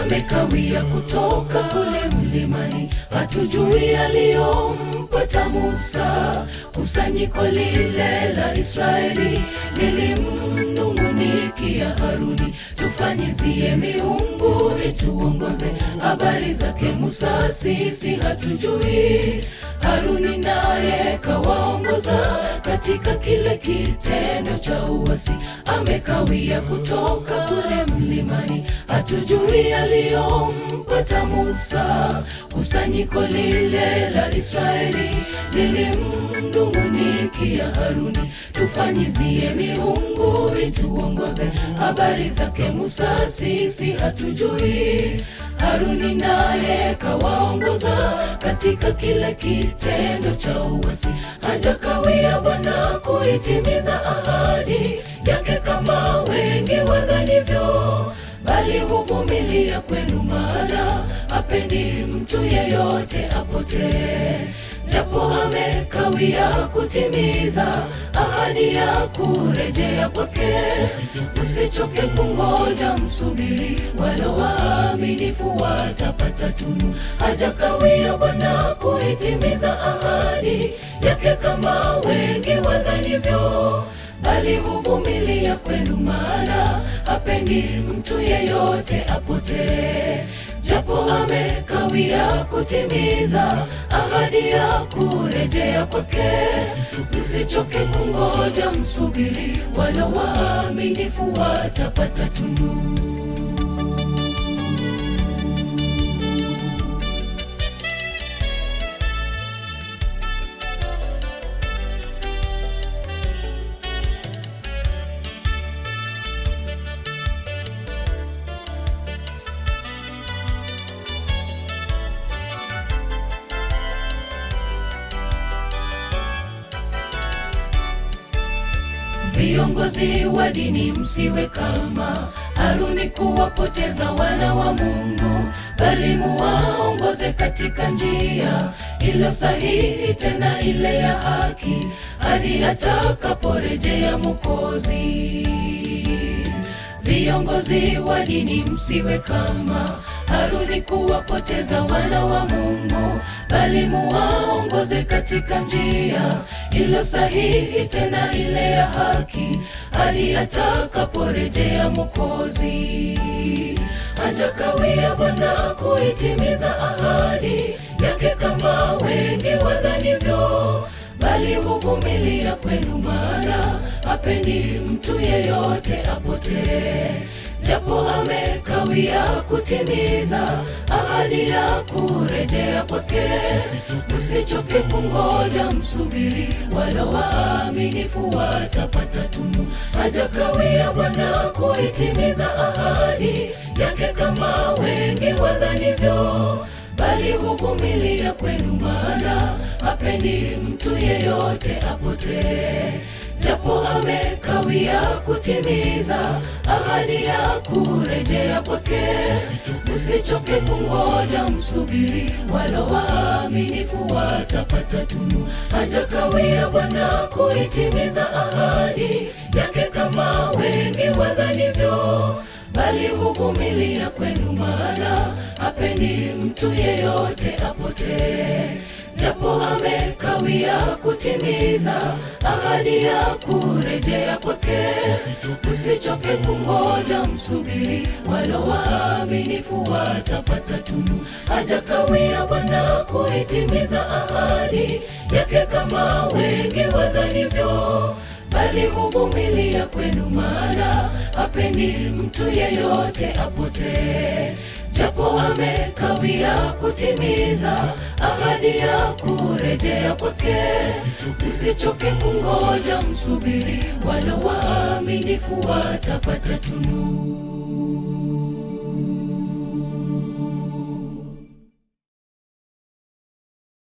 amekawia kutoka kule mlimani, hatujui aliyompata Musa. Kusanyiko lile la Israeli lilimnung'unikia Haruni, tufanyizie miungu ituongoze. Habari zake Musa sisi hatujui, Haruni naye kawaongoza katika kile kite cha uasi, amekawia kutoka kule mlimani, hatujui aliyompata Musa. Kusanyiko lile la Israeli lilimnung'unikia Haruni, tufanyizie miungu ituongoze. Habari zake Musa sisi hatujui. Haruni naye kawaongoza katika kile kitendo cha uasi, hajakawia Bwana huitimiza ahadi yake kama wengi wadhanivyo, bali huvumilia kwenu, maana apendi mtu yeyote apotee japo amekawia kutimiza ahadi ya kurejea kwake. usichoke kungoja, msubiri, wala waaminifu watapata tunu. Hajakawia Bwana kuitimiza ahadi yake kama wengi wadhanivyo, bali huvumilia kwenu, maana hapendi mtu yeyote apotee ambapo amekawia kutimiza ahadi ya kurejea kwake. Msichoke kungoja, msubiri, wana waaminifu watapata tunu Viongozi wa dini msiwe kama Haruni kuwapoteza wana wa Mungu, bali muwaongoze katika njia ilo sahihi, tena ile ya haki, hadi atakaporejea Mwokozi. Viongozi wa dini msiwe kama Haruni kuwapoteza wana wa Mungu, bali muwa tuongoze katika njia iliyo sahihi tena ile ya haki, hadi atakaporejea Mwokozi. Hajakawia Bwana kuitimiza ahadi yake kama wengi wadhanivyo, bali huvumilia kwenu, maana hapendi mtu yeyote apotee japo amekawia kutimiza ahadi ya kurejea kwake. usichoke kungoja, msubiri, wala waaminifu watapata tunu. Hajakawia Bwana kuitimiza ahadi yake kama wengi wadhanivyo, bali huvumilia kwenu, maana hapendi mtu yeyote apotee japo amekawia kutimiza ahadi ya kurejea kwake. Usichoke kungoja, msubiri, walo waaminifu watapata tunu. Hajakawia Bwana kuitimiza ahadi yake kama wengi wadhanivyo, bali huvumilia kwenu, maana hapendi mtu yeyote apotee. Japo amekawia kutimiza ahadi ya kurejea kwake. Usichoke kungoja, msubiri, wala waaminifu watapata tunu. Hajakawia Bwana kuitimiza ahadi yake kama wengi wadhanivyo, bali huvumilia kwenu, maana hapendi mtu yeyote apotee japo amekawia kutimiza ahadi ya kurejea kwake. Usichoke kungoja, msubiri, wala waaminifu watapata tunu